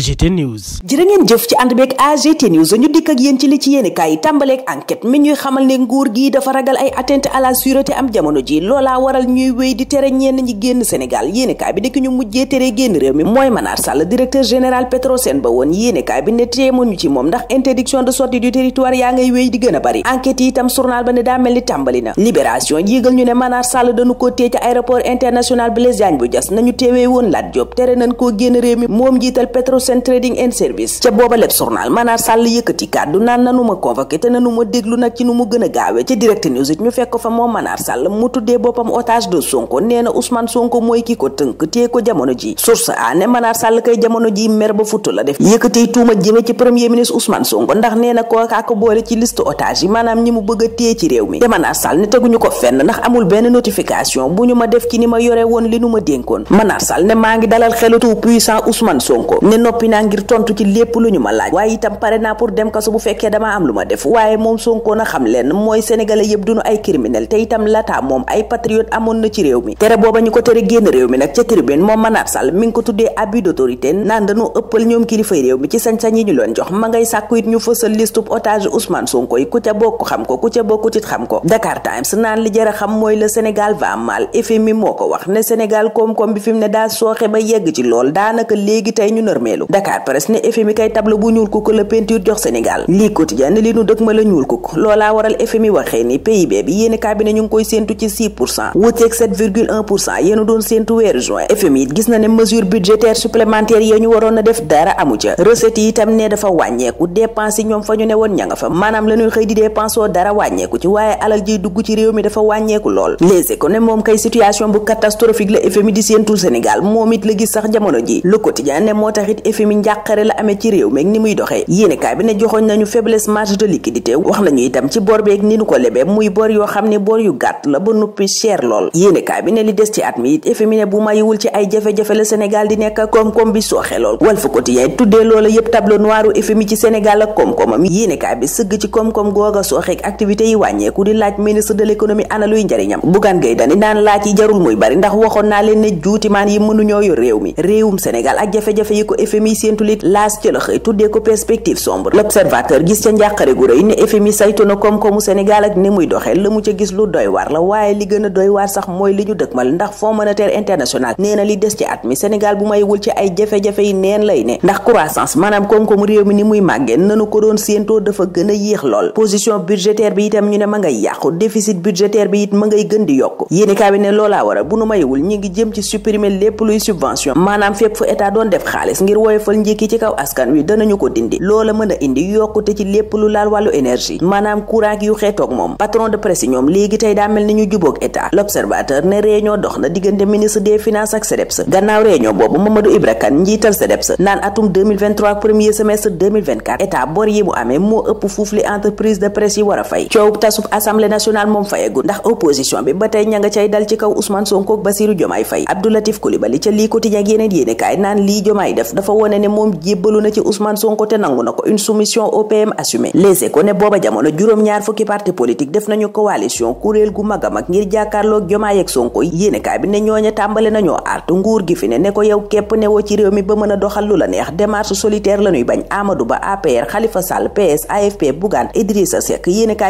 AGT News. jërë ngeen jëf ci ànd beeg AGT News ñu dikk ak yéen ci li ci yéen kaay yi tàmbaleeg enquête mi ñuy xamal ne nguur gi dafa ragal ay atteinte à la sûreté am jamono ji loolaa waral ñuy wéy di tere ñenn ñi génn Sénégal yéen kaay bi dëkk ñu mujjee tere génn réew mi mooy Manar Sall directeur général Petrosen ba woon yéen kaay bi ne téemoon ñu ci moom ndax interdiction de sortie du territoire yaa ngay wéy di gën a bari enquête yi itam journal ba ne daa mel sen trading and service ca boobaleb journal Manar Sall yëkkati kàddu naan nanu ma convoqué te nanu ma déglu nag ci nu mu gën gaawee ci direct news mu tuddee boppam otage source a ne Manar Sall kay jamono ji mer ba futt la def yëkkati tuuma jëme ci premier ministre Ousmane Sonko ndax nee na ko boole ci liste otage yi maanaam ñi mu bëgg a ci réew mi te Manar Sall ne teguñu ko fenn ndax amul benn notification bu ñu ma def ci ni ma yore woon li nu ma dénkoon Manar noppi naa ngir tontu ci lépp lu ñu ma laaj waaye itam pare naa pour dem kaso bu fekkee damaa am lu ma def waaye moom Sonko na xam leen mooy sénégalais yëpp duñu mi moo ko wax ne Sénégal koom-koom bi fi ne daa sooxe ba yegg ci lool daanaka léegi tey ñu nërmeel ñaareelu Dakar Presse ne FMI kay tableau bu ñuul kukk la peinture jox Sénégal lii quotidien ne li dëkk ma la ñuul kukk loolaa waral FMI waxee ni PIB bi yéeni cabinet ñu ngi koy séentu ci 6 pour doon séentu weeru juin FMI it gis na ne mesure budgétaire supplémentaire yee ñu waroon a def dara amu ca recette yi itam ne dafa wàññeeku dépense yi ñoom fa ñu ne woon ña fa maanaam la xëy di dépense dara wàññeeku ci waaye alal jiy FMI njàqare la amee ci réew meeg ni muy doxee yéenekaay bi ne joxoñ nañu faiblesse marge de liquidité wax nañu itam ci bor beeg ni nu ko lebee muy bor yoo xam ne bor yu gàtt la ba nuppi cher lool yéenekaay bi ne li des ci at mi it FMI ne bu mayiwul ci ay jafe-jafe la Sénégal di nekk koom-koom bi sooxe lool Walf Quotidien tuddee loola yépp tableau noiru FMI ci Sénégal ak koom-koomam yéenekaay bi sëgg ci koom-koom googa sooxeeg activité yi wàññeeku di laaj ministre de l'économie ana luy njariñam Bougane Gueye Dany naan laaj yi jarul muy bari mi FMI séentu li laas ci tuddee ko perspective sombre l'observateur gis ca njàqare gu rëy ne FMI saytu na koom-koomu Sénégal ak ni muy doxee la mu ca gis lu doy waar la waaye li gën a doy waar sax mooy li ñu dëkkmal ndax Fonds monétaire international nee li des ci at mi Sénégal bu may wul ci ay jafe-jafe yi neen lay ne ndax croissance maanaam koom-koomu réew mi ni muy màggee nanu ko doon séentoo dafa gën a yéex lool position budgétaire bi woyofal njëkki ci kaw askan wi danañu ko dindi loola mën lépp lu laal wàllu énergie maanaam courant yu xeetoog moom patron de presse yi ñoom léegi tey daa mel ni ñu jubóog état l'observateur ne réunion dox na diggante ministre des finances ak CDEPS gannaaw réunion boobu Mamadou Ibra Kane njiital CDEPS naan atum 2023 premier semestre 2024 état bor yi mu amee moo ëpp fuuf li entreprise de presse yi war a fay coow tasub assemblée nationale moom fayagul ndax opposition bi ba tey ña nga cay dal ci kaw Ousmane Sonko ak Bassirou Diomaye Faye Abdou Latif Coulibaly ca lii quotidien ak yeneen yéene kaay naan lii Diomaye def dafa wone ne moom jébbalu na ci Ousmane Sonko te nangu na ko une soumission au PM assumée Les Échos ne booba jamono juróom-ñaar fukki parti politique def nañu coalition kuréel gu mag a mag ngir jàkkaarloog Diomaye ak Sonko yéenekaay ko yow la la Ba APR Khalifa Sall PS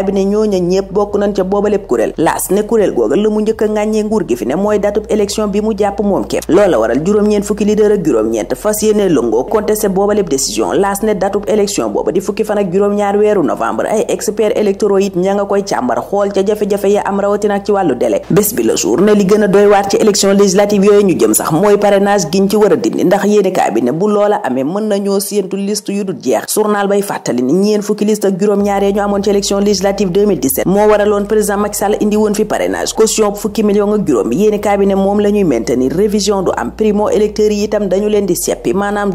bi ne ñooña ñépp bokk nañ ca booba lépp kuréel laas ne kuréel googa la mu njëkk a nguur gi fi ne mooy datub élection bi mu jàpp moom képp loola waral juróom-ñeent fukki leader ak juróom-ñeent fas yéene lëngoo contesté booba lépp décision laas ne datub élection booba di fukki fan juróom-ñaar weeru novembre expert électoraux it ña nga koy càmbar yooyu jëm sax mooy parrainage giñ ci war dindi ndax yéene cabinet bu loola amee mën nañoo séentu liste yu dul jeex journal bay fàttali ñeen fukki liste ak juróom-ñaar ya ñu amoon ci élection législative 2017 moo waraloon président Macky Sall indi woon fi parrainage caution fukki million ak juróom yéene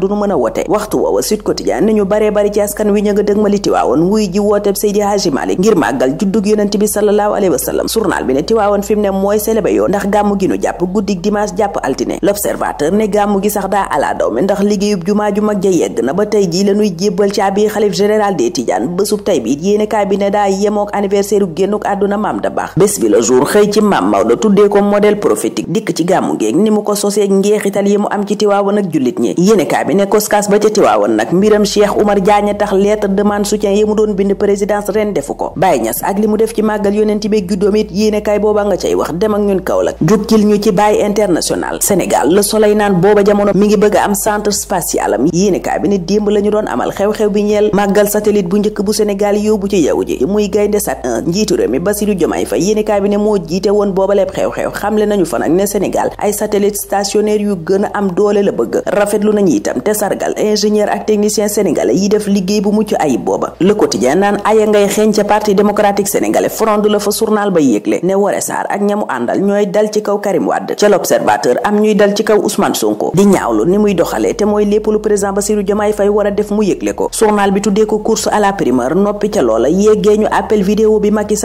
maanaam du nu mën a wote waxtu woowa Sud Quotidien ni ñu baree bari ci askan wi ña nga dëg ma li tiwaawoon wuy ji wooteb Seydi Hadji Malick ngir màggal juddug yonent ne tiwaawoon fi mu ne mooy célébé ndax gàmmu gi nu jàpp guddig dimanche jàpp altine l'observateur ne gàmmu gi sax daa alaa daw mi ndax liggéeyub jumaa ju mag ja yegg na ba tey jii la ñuy jébbal caabi xalif général des Tidianes bésub tey bi yéene kaay bi ne daa yemook anniversaire u génnuk àdduna maam da baax bés bi la jour xëy ci maam Maodo tuddee ko modèle prophétique dikk ci gàmmu géeg ni mu ko soseeg ngeexital yi mu am ci tiwaawoon ak jullit ñi yéenekaay bi ne koskaas ba ca tiwaawoon nag mbiram Cheikh Oumar Diagne tax lettre demande soutien yi mu doon bind présidence ren defu ko Baye Niass ak li mu def ci màggal yonenti beeg juddoom it yéenekaay booba nga cay wax dem ak ñun Kaolack jukkil ñu ci Baye international Sénégal Le Soleil naan booba jamono mi ngi bëgg am centre spatial am yéenekaay bi ne démb la ñu doon amal xew-xew bi ñeel màggal satelit bu njëkk bu Sénégal yóbbu ci jaww ji muy gaynde sat 1 njiitu réew mi Bassirou Diomaye Faye yéenekaay bi ne moo jiit woon boobaleeb xew-xew xamle nañu fa nag ne Sénégal ay satellite stationnaire yu gën a am doole bëgg rafetlu nañu it itam te sargal ingénieur ak technicien sénégalais yi def liggéey bu mucc ayib booba le quotidien naan aya ngay xeeñ ca parti démocratique sénégalais frond la fa journal ba yéegle ne Woré Sarr ak ñamu àndal ñooy dal ci kaw Karim Wade ca l'observateur am ñuy dal ci kaw Ousmane Sonko di ñaawlu ni muy doxalee te mooy lépp lu président Bassirou Diomaye Faye war a def mu yégle ko journal bi tuddee ko course à la primeur noppi ca loola yéegee appel vidéo bi Macky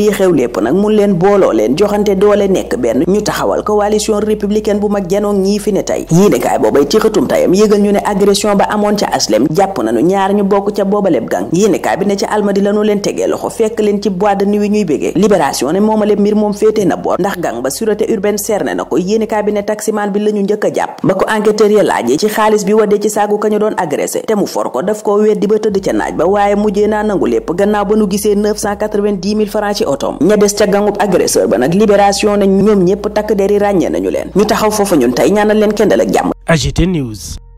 lii xew lépp nag mun leen booloo leen joxante doole nekk benn ñu taxawal coalition républicaine bu mag janoog ñii fi ne tey yii nekaay boobay ci xëtum ñu ne agression ba amoon ca aslem jàpp nañu ñaar ñu bokk ca ne ca almadi leen mbir moom féetee na boor ndax gang ba sûreté urbaine serne na ko yéeni bi ne taximaan bi la ñu jàpp ba ko enquêteur ya laajee ci xaalis bi wadee ci saagu kañu doon agressé te mu for ko daf koo weddi otoom ña des ca agresseur ba nag libération na ñoom ñëpp takk deri ràññee nañu leen ñu taxaw foofa ñun tey ñaanal leen kendal ak jàmm AGT News